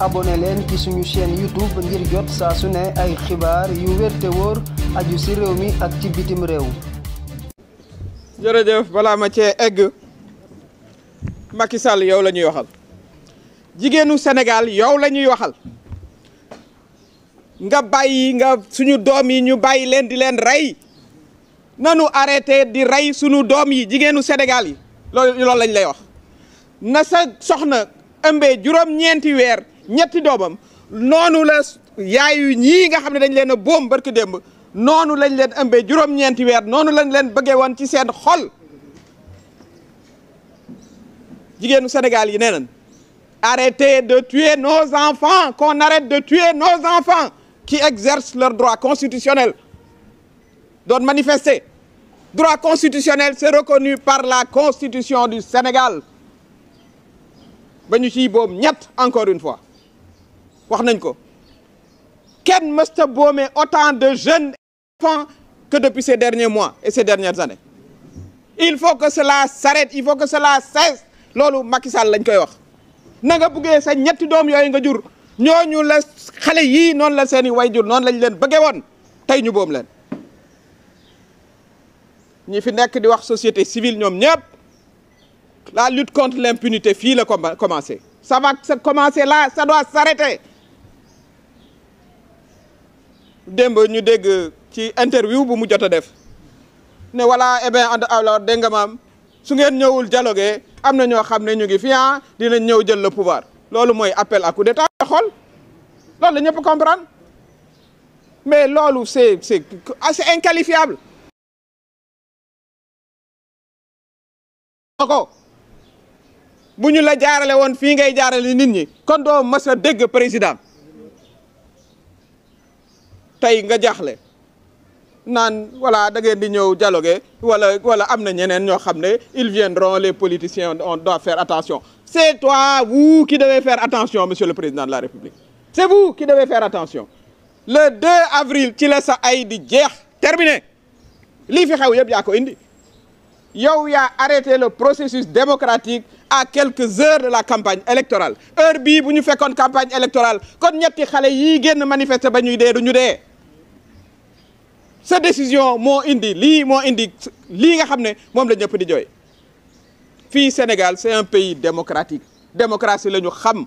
abonné leen ci suñu chaîne YouTube ngir jot saa su ne ay xibaar yu wér te wóor aju ci réew mi ak ci bitim réew. jërëjëf balaa ma cee egg Macky yow la ñuy waxal jigéenu Sénégal yow la ñuy waxal nga bàyyi nga suñu doom yi ñu bàyyi leen di leen rey nanu arrêté di rey suñu doom yi jigéenu Sénégal yi loolu loolu lañ lay wax na sa soxna ëmbee juróom-ñeenti weer. ñetti doomam noonu la yaayu ñii nga xam ne dañ leen a boom barki démb noonu lañ leen ëmbee juróom-ñeenti weer noonu lañ leen bëggee woon ci seen xol jigéenu Sénégal yi nee nañ arrêtez de tuer nos enfants con arrête de tuer nos enfants qui exercent leur droit constitutionnel doon manifester droit constitutionnel c'est reconnu par la constitution du Sénégal ba ñu ciy boom ñett encore une fois wax nañ ko kenn mësta boomee autant de jeunes enfants que depuis ces derniers mois et ces dernières années il faut que cela s'arrête il faut que cela cesse loolu Macky Sall lañ koy wax na nga buggee sa ñetti doom yooyu nga jur ñooñu la xale yii noonu la seeni way jur noonu lañ leen bëggee woon tey ñu boom leen ñi fi nekk di wax société civile ñoom ñëpp la lutte contre l'impunité fii la commencé ça va se commencer la ça doit s'arrêter démb ñu dégg ci interview bu mu jot a def ne voilà eh bien alors dégg nga maam su ngeen ñëwul dialogué am na ñoo xam ne ñu ngi fian ah, dina ñëw jël le pouvoir loolu mooy appel à de d'état xool loolu la ñëpp comprendre mais loolu c'est c'est assez inqualifiable ko bu ñu la jaarale woon fii ngay jaarale nit ñi kon doo mës dégg président tey nga jaaxle naan voilà da ngeen di ñëw dialoguer wala wala am na ñeneen ñoo xam ne ils viendront les politiciens on doit faire attention c'est toi vous qui devez faire attention monsieur le président de la république c'est vous qui devez faire attention le 2 avril ci la sa ay di jeex terminé li fi xew yëpp yaa ko indi yow ya arrêté le processus démocratique à quelques heures de la campagne électorale heure bi bu ñu fekkoon campagne électorale kon ñetti xale yi génn manifester ba ñuy dee du ñu dee sa décision moo indi lii moo indi lii nga xam ne moom la ñëpp di jooy fii Sénégal c'est un pays démocratique démocratie la ñu xam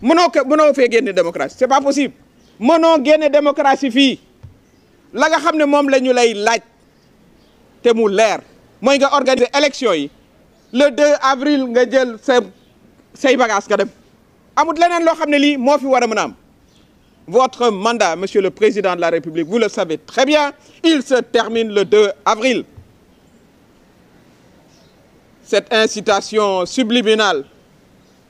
mënoo ko mënoo fee génne démocratie c'est pas possible mënoo génne démocratie fii la nga xam ne moom la ñu lay laaj te mu leer mooy nga organiser élection yi le 2 avril nga jël sa say bagage nga dem amut leneen loo xam ne lii moo fi war a mën a am Votre mandat, Monsieur le Président de la République, vous le savez très bien, il se termine le 2 avril. Cette incitation subliminale,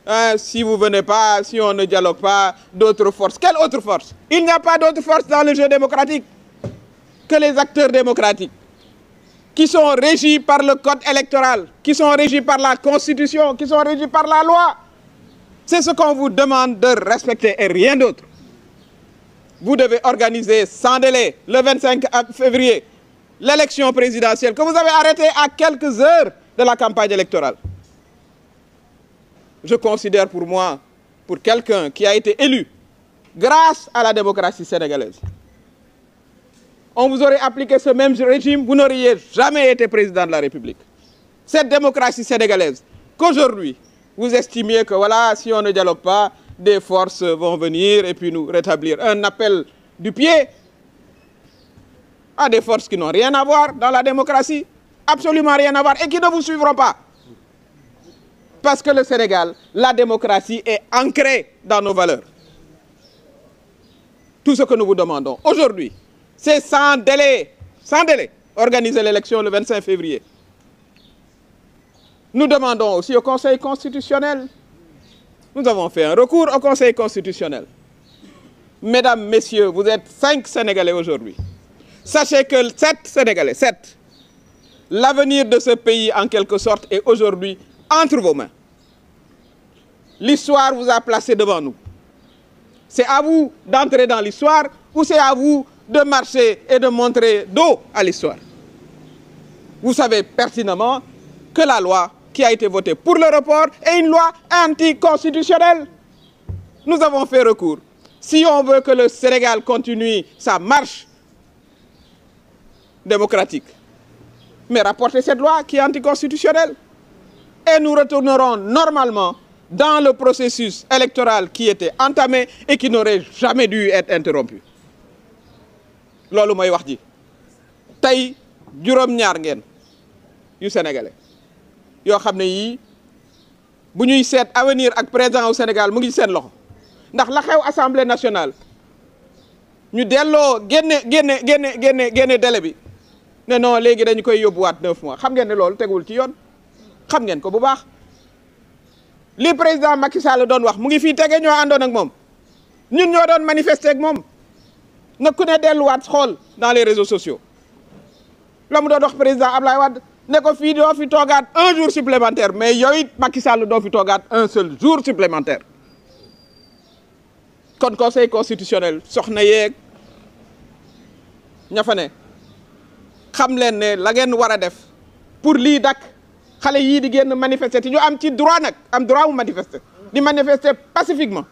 hein, si vous ne venez pas, si on ne dialogue pas, d'autres forces. Quelle autre force Il n'y a pas d'autre force dans le jeu démocratique que les acteurs démocratiques qui sont régis par le code électoral, qui sont régis par la constitution, qui sont régis par la loi. C'est ce qu'on vous demande de respecter rien d'autre. vous devez organiser sans délai le 25 février l'élection présidentielle que vous avez arrêtée à quelques heures de la campagne électorale. Je pour moi, pour quelqu'un qui a été élu grâce à la même régime, vous n'auriez jamais président la République. Cette démocratie sénégalaise qu'aujourd'hui, vous si on ne pas, des forces vont venir et puis nous rétablir. Un à des forces qui n'ont rien la démocratie, absolument rien à voir, et que le Sénégal, la démocratie est ancrée dans nos valeurs. Tout ce que nous vous demandons aujourd'hui, c'est sans délai, sans délai, organiser l'élection le 25 aussi au Conseil Nous avons fait un recours au Conseil constitutionnel. Mesdames, Messieurs, vous êtes cinq Sénégalais aujourd'hui. Sachez que sept Sénégalais, sept, l'avenir de ce pays en quelque sorte est aujourd'hui entre vos mains. L'histoire vous a placé devant nous. C'est à vous d'entrer dans l'histoire ou c'est à vous de marcher et de montrer dos à l'histoire. Vous savez pertinemment que la qui a été votée pour le report est une loi anticonstitutionnelle. Nous avons fait recours. Si on veut que le Sénégal continue sa marche démocratique, mais rapportez cette loi qui est anticonstitutionnelle. Et nous retournerons normalement dans le processus électoral qui était entamé et qui n'aurait jamais dû être interrompu. loolu mooy wax ji tey juróom-ñaar ngeen yu sénégalais. yoo xam ne yii bu ñuy seet avenir ak présent au Sénégal mu ngi seen loxo ndax la xew assemblée nationale ñu delloo génne génne génne génne génne délai bi ne non léegi dañu koy yóbbuwaat neuf mois xam ngeen ne loolu tegul ci yoon xam ngeen ko bu baax li président Macky Sall doon wax mu ngi fii tege ñoo àndoon ak moom ñun ñoo doon manifester ak moom na ku ne delluwaat xool dans les réseaux sociaux la mu doon wax président Ablaye Wade ne ko fii doo fi toogaat un jour supplémentaire mais yooyu Macky doo fi toogaat un seul jour supplémentaire kon conseil constitutionnel soxna yeeg ña ne xam leen ne la ngeen war a def pour lii dakk xale yii di génn manifester te ñu am ci droit nag am droit mu manifester di manifester pacifiquement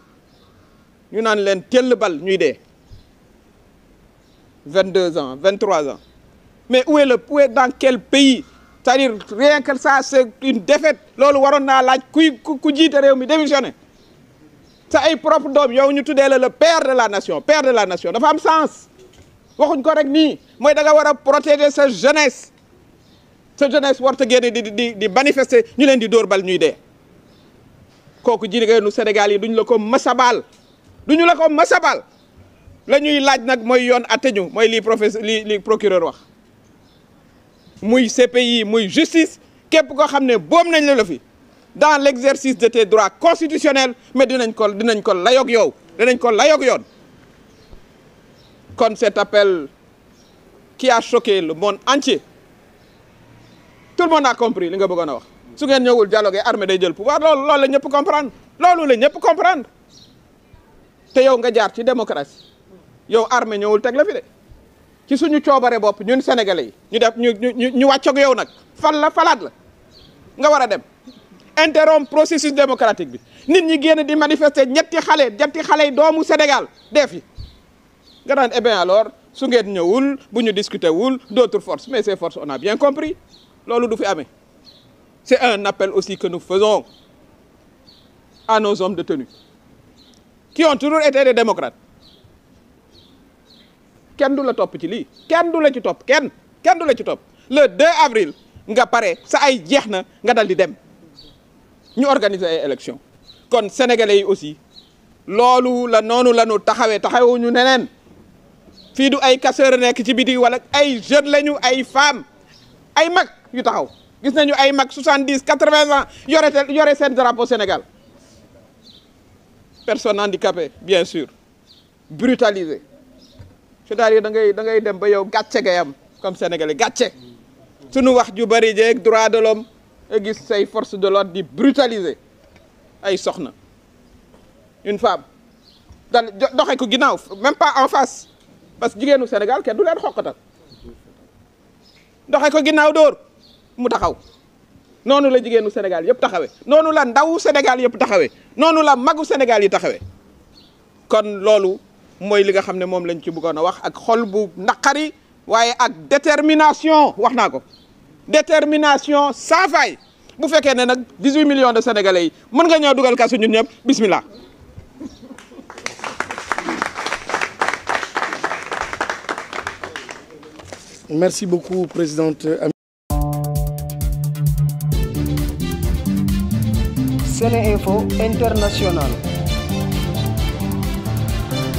ñu naan leen tell bal ñuy dee vingt deux ans vingt trois ans mais où est le où est dans quel pays c'est-à-dire rien une défaite loolu waroon naa laaj kuy ku jiite réew mi démissionné sa ay propre doom yow ñu tuddee la le père de la nation père de la nation dafa am sens waxuñ ko rek nii mooy da nga war a protéger sa jeunesse sa jeunesse warta génne di di ñu leen di dóor bal ñuy dee kooku jigéenu Sénégal yi duñ la ko mës a baal duñu la ko mës baal la ñuy laaj nag mooy yoon atte ñu mooy lii professeur lii procureur wax muy CPI muy justice képp koo xam ne boobu nañ la la fi dans l' exercice de tes droits constitutionnels mais dinañ ko dinañ ko layoog yow dinañ ko layoog yoon kon cet appel qui a choqué le monde entier tout le monde a compris li nga bëggoon a wax su ngeen ñëwul dialogue armée day jël pouvoir loolu loolu la ñëpp comprendre loolu la ñëpp comprendre te yow nga jaar ci démocratie yow armée ñëwul teg la de ci suñu coobare bopp ñun sénégalais yi ñu def ñu ñu ñu wàccoog yow nag fal la falaat la nga war a dem interrompre processus démocratique bi nit ñi génn di manifester ñetti xale ñetti xale yi doomu Sénégal def fi nga naan eh alors su ngeen ñëwul bu ñu discuter wul d'autres forces mais ces force on a bien compris loolu du fi amee c'est un appel aussi que nous faisons à nos de tenue qui ont toujours été des démocrates kenn du la topp ci lii kenn du la ci topp kenn kenn du la ci topp le 2 avril nga pare sa ay jeex na nga dal di dem ñu organiser ay élection kon sénégalais yi aussi loolu la noonu la ñu taxawee taxawuñu neneen fii du ay casseur nekk ci biti wala ay jeunes lañu ay femmes ay mag yu taxaw gis nañu ay mag soixante-dix quatre-vingts ans yore yore seen drapeau Sénégal personne handicapée bien sur brutalisée cest à yi dangay ngay dem ba yow gàcce ngay am comme sénégalais gàcce sunu wax ju bari jeeg droit de l'homme nga gis say force de l'ordre di brutaliser ay soxna une femme dal doxe ko ginnaaw même pas en face parce que jigéenu Sénégal kenn du leen xoqatal doxe ko ginnaaw dóor mu taxaw noonu la jigéenu Sénégal yëpp taxawe noonu la ndaw Sénégal yëpp taxawee noonu la magu Sénégal yi taxawe kon loolu mooy li nga xam ne moom lañ ci bëggoon a wax ak xol bu naqari waaye ak détermination wax naa ko détermination sans bu fekkee ne nag 18 millions de sénégalais yi mën nga ñëw dugal kasu ñun ñëpp bismillah merci beaucoup présidente SeneInfo International